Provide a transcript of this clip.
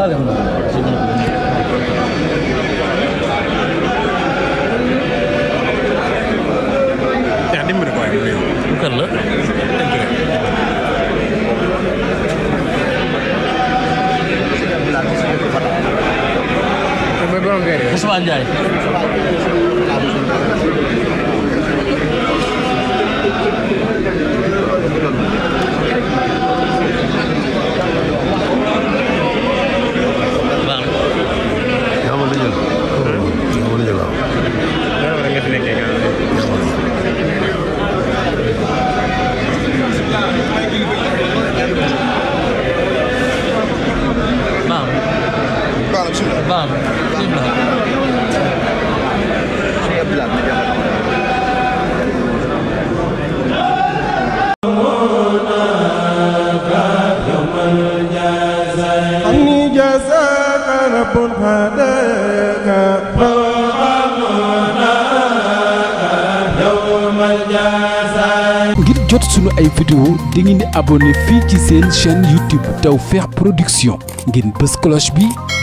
Dale uno. yaa dimbali ko waaye mu kan la. Ousmane Ndiaye. Sula. Bang, ngir jot sunu ay vidéo di ngeen di abonné fii ci seen chaîne YouTube Tawfekh Production ngeen bës cloche bi